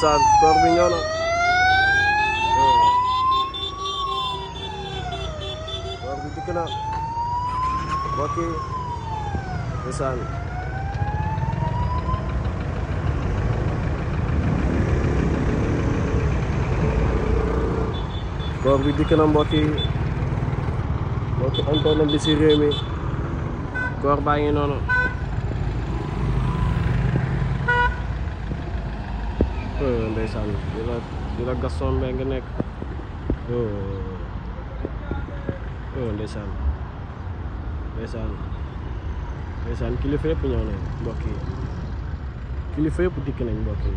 saan koor bi ñëw na bi dikk na mbokk yi ndeysaan bi dikk na mbokk yi mbokk bi si réew mi koor baa ngi noonu ndeysaan di la di la Gaston Mbengue nga nekk oh ndeysaan ndeysaan ndeysaan kilifa yëpp ñëw nañ mbokk kilifa yëpp dikk nañ mbokk yi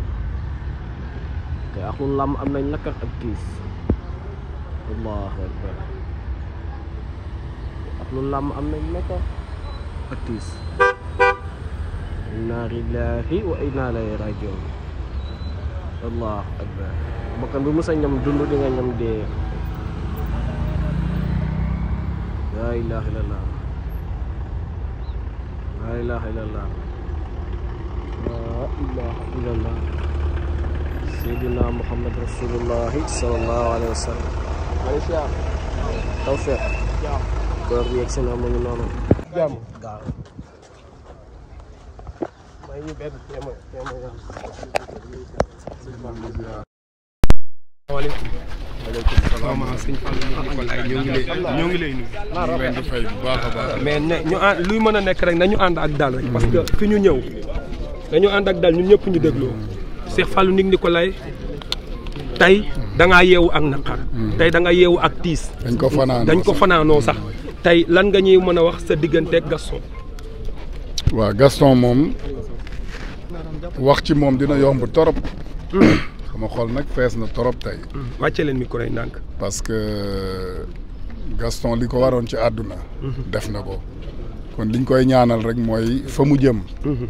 te axul làmm am nañ nakkat ak tiis allahu akbar axul làmm am nañ nakkat ak tiis inna wa inna ilayhi rajiun allahu akbar bu mës a ñam dund di nga ñam dee laa ilaha illallah laa ilaha illallah laa muhammad rasulullahi sallallahu alayhi wa sallam taw feex koor bi noonu jàmm waaleykum salaam ñoo ngi lay ñoo ñu ngi mais ne ñu ànd luy mën a nekk rek nañu ànd ak dal rek. parce que fi ñu ñëw nañu ànd ak dal ñun ñëpp ñu dégloo. Cheikh ko lay tey danga ngaa yeewu ak naqar. tey da nga yeewu ak tiis. dañ ko fanaanoo dañ ko fanaanoo sax. tey lan nga ñuy mën a wax sa digganteeg Gaston. waaw Gaston moom wax ci moom dina yomb torop sama xol nag fees na trop tey. wàcce leen micro yi ndànk. parce que Gaston li ko waroon ci àdduna. Mhm. def na ko kon liñ koy ñaanal rek mooy fa mu jëm. Mhm.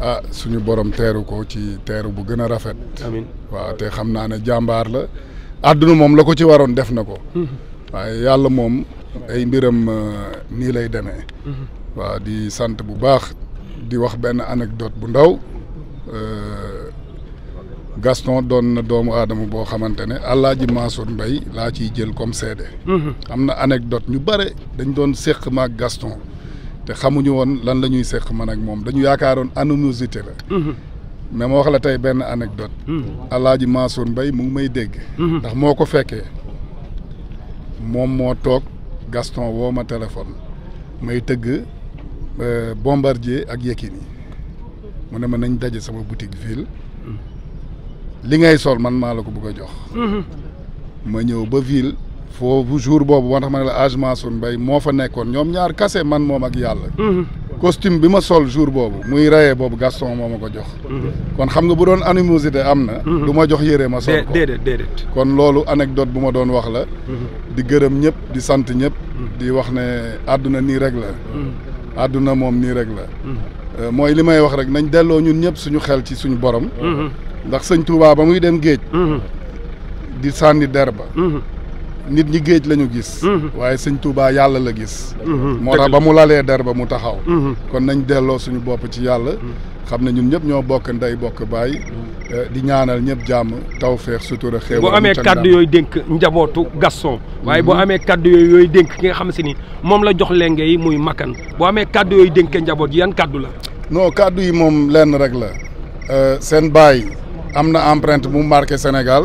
ah suñu borom teeru ko ci teeru bu gën a rafet. amiin waaw te xam naa ne jàmbaar la àdduna moom la ko ci waroon def na ko. Mhm. waaye yàlla moom ay mbiram euh, nii lay demee. waaw di sant bu baax di wax benn anecdote bu ndaw. Euh, Gaston doon na doomu aadama boo xamante ne Alaaji Mansour Mbaye laa ciy jël comme seede mhm. am na anecdote ñu bare dañ doon séq maag Gaston te xamuñu woon lan lañuy ñuy séq man ak moom dañu yaakaaroon animosité la mhm. mais ma wax la tey benn anecdote mhm. Alaaji Mansour mbay mu ngi may dégg ndax moo ko fekkee moom moo toog Gaston woo ma téléphone may tëgg euh, Bombardier ak Yékini mu ne ma nañ daje sama boutique ville li ngay sol man maa la ko bëgg a jox. Mhm. ma ñëw ba ville foofu jour boobu moo tax ma ne la Hadj Mansour Mbaye moo fa nekkoon ñoom ñaar kase man moom ak yàlla. Mhm. costume bi ma sol jour boobu muy rayé boobu Gaston moom ma ko jox. Mhm. kon xam nga bu doon animosité am na. du ma jox yére ma sol ko kon loolu anecdote bu ma doon wax la. di gërëm ñëpp di sant ñëpp. di wax ne àdduna nii rek la. àdduna moom nii rek la. Euh, mooy li may wax rek nañ delloo ñun ñëpp suñu xel ci suñu borom. ndax sëñ Touba ba muy dem géej. Mhm. di sànni der ba. Mhm. nit ñi géej lañu gis. Mhm. waaye sëñ Touba yàlla la gis. moo tax ba mu lalee der ba mu taxaw. kon nañ delloo suñu bopp ci yàlla. xam ne ñun ñëpp ñoo bokk ndey bokk baay. Eh, di ñaanal ñëpp jàmm taw feex sutura xew. boo amee kaddu yooyu dénk njabootu Gaston. waaye boo amee kàddu yooyu dénk ki nga xam si ni moom la jox lenge yi muy makkan boo amee kàddu yooyu dénk njaboot yan kàddu la. non kaddu yi moom lenn rek la. Eh, seen baay. am na empreinte bu marqué Sénégal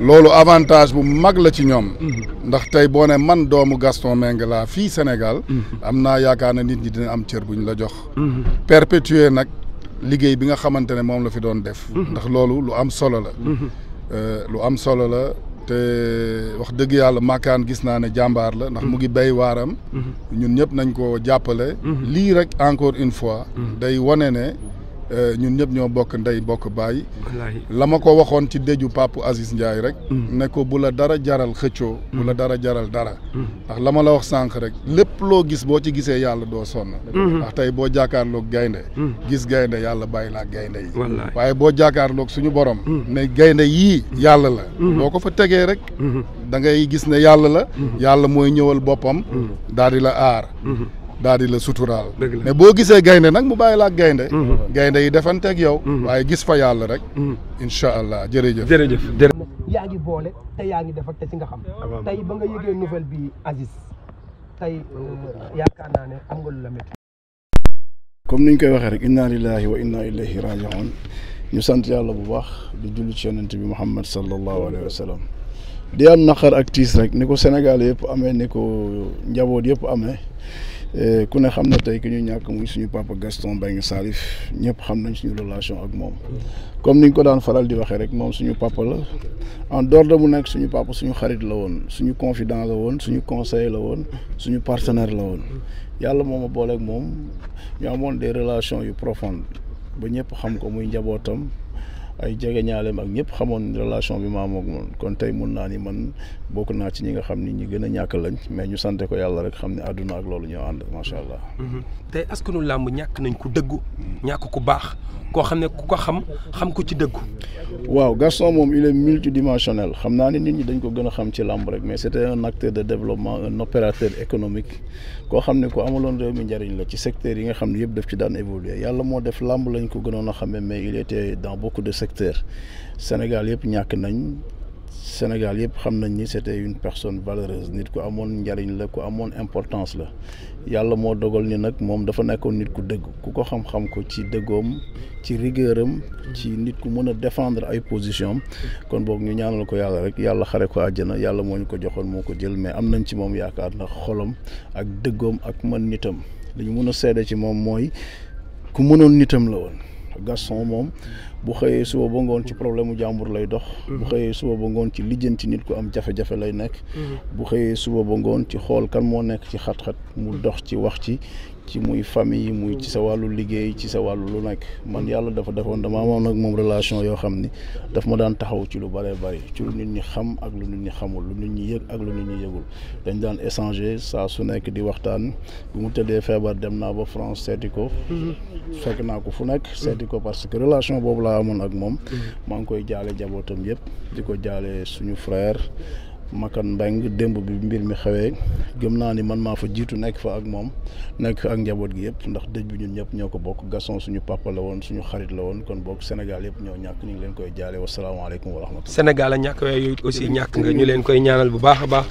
loolu avantage bu mag la ci ñoom ndax tey boo ne man doomu Gaston Mbengue laa fii Sénégal am naa yaakaar na nit ñi dina am cër buñ la jox perpétuer nag liggéey bi nga xamante ne moom la fi doon def ndax loolu lu am solo la euh, lu am solo la te wax dëgg yàlla màkkaan gis naa ne jàmbaar la ndax mu ngi béy waaram ñun ñëpp nañ ko jàppale lii rek encore une fois mm-hmm. day wone ne Euh, ñun ñëpp ñoo bokk ndey bokk baay. la ma ko waxoon ci déju Pape Aziz Ndiaye rek. Mm. ne ko bu la dara jaral xëccoo. bu la mm. dara jaral dara. Mm. ndax la ma la wax sànq rek lépp loo gis boo ci gisee yàlla doo sonn. Mm-hmm. ndax tey boo jàkkaarloog gaynde gis gaynde yàlla bàyyi laa gaynde yi. waaye boo jàkkaarloog suñu borom. ne gaynde yii yàlla la. Mm-hmm. boo ko fa tegee rek. Mm-hmm. da ngay gis ne yàlla la. yàlla mooy ñëwal boppam. daal di la aar. daal di la boo gisee nag mu bàyyi la ak gaynde mm-hmm. Mm-hmm. gaynde yi defanteeg yow mm-hmm. gis fa yàlla rek incha allah jërëjëf jërëjëf yaa ngi boole te yaa euh, comme niñ koy waxee rek inna lillahi wa inna ilayhi raji'un ñu sant yàlla bu baax du julli ci yonent bi Muhammad sallallahu alayhi wa sallam di rek ni ko Sénégal yëpp amee ni ko njaboot yëpp amee Eh, ku ne xam na tey ki ñu ñàkk muy suñu papa Gaston Mbengue Salif ñëpp xam nañ suñu relation ak moom comme ni ñu ko daan faral di waxee rek moom suñu papa la en dorde mu nekk suñu papa suñu xarit la woon suñu confident la woon suñu conseiller la woon suñu partenaire la woon yàlla moom a booleeg moom ñu amoon des relations yu profondes ba ñëpp xam ko muy njabootam. ay jege ñaaleem ak ñëpp xamoon relation bi ma moog moom kon tey mun naa ni man bokk naa ci ñi nga xam ni ñi gën a ñàkk lañ mais ñu sante ko yàlla rek xam ne àdduna ak loolu ñoo ànd macha allah. Mhm. tey askanu làmb ñàkk nañ ku dëggu ñàkk ku baax koo xam ne ku ko xam xam ko ci dëggu. waaw Gaston moom il est multidimensionnel xam naa ne nit ñi dañ ko gën a xam ci làmb rek mais c'était un acteur de développement un opérateur économique koo xam ne ku amaloon réew mi la ci secteur yi nga xam ne a xamee mais il était dans secteur Sénégal yëpp ñàkk nañ Sénégal yëpp xam nañ ni c'était une personne valeureuse nit ku amoon njariñ la ku amoon importance la yàlla moo dogal ni nag moom dafa nekkoon nit ku dëgg ku ko xam-xam ko ci dëggoom ci rigueur ci nit ku mën a défendre ay position kon boog ñu ñaanal ko yàlla rek yàlla xare ko àjjana yàlla moo ñu ko joxoon moo ko jël mais am nañ ci moom yaakaar na xolom ak dëggoom ak man nitam li ñu mën a seede ci moom mooy ku mënoon nitam la woon Gaston moom bu xëyee suba ba ngoon ci problème mu jàmbur lay dox. Mhm. bu xëyee suba ba ngoon ci lijjan lijjanti nit ku am jafe-jafe lay nekk. Mhm. bu xëyee suba ba ngoon ci xool kan moo nekk ci xat-xat mu mhm. dox ci wax ci ci muy famille muy ci sa wàllu liggéey ci sa wàllu lu nekk man yàlla dafa defoon dama amoon nag moom relation yoo xam ni daf ma daan taxaw ci lu bëree bëri ci lu nit ñi xam ak lu nit ñi xamul lu nit ñi yëg ak lu nit ñi yëgul dañ daan échanger saa su nekk di waxtaan bi mu tëddee feebar dem naa ba France seeti ko fekk naa ko fu nekk seeti ko parce que relation boobu laa amoon ak moom mm-hmm. maa ngi koy jaale njabootam yëpp di ko jaale suñu frère Makan Mbengue démb bi mbir mi xewee gëm naa ni man maa fa jiitu nekk fa ak moom nekk ak njaboot gi yëpp ndax dëj bi ñun ñëpp ñoo ko bokk Gaston suñu papa la woon suñu xarit la woon kon bokk Sénégal yëpp ñoo ñàkk ñu ngi leen koy jaale wasalaamaaleykum wa rahmatulah. Sénégal a ñàkk waaye yooyu aussi ñàkk nga ñu leen koy ñaanal bu baax a baax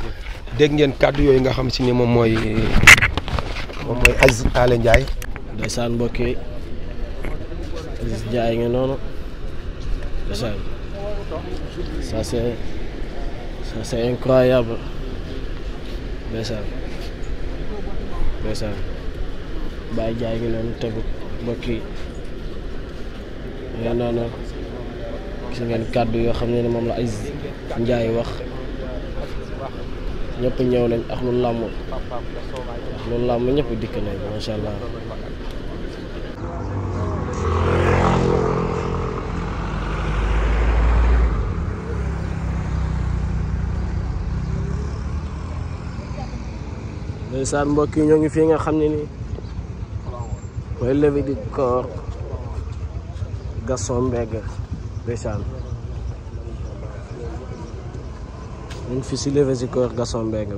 dégg ngeen kàddu yooyu nga xam si ni moom mooy moom mooy Aziz Talla Ndiaye. ndeysaan mbokk yi Aziz Ndiaye nga noonu ça c'est incroyable ndeysaan ndeysaan bàyyi jaay ngi noonu tegu mbokk yi nga noonu gis ngeen kàddu yoo xam ne ne moom la Aziz Ndiaye wax ñëpp ñëw nañ ak lu làmm ak lu làmm ñëpp dikk nañ macha allah ndeysaan mbokk yi ñoo ngi fi nga xam ni nii mooy levée du corps Gaston Mbengue ndeysaan ñu ngi fi si levée du corps Gaston mbeg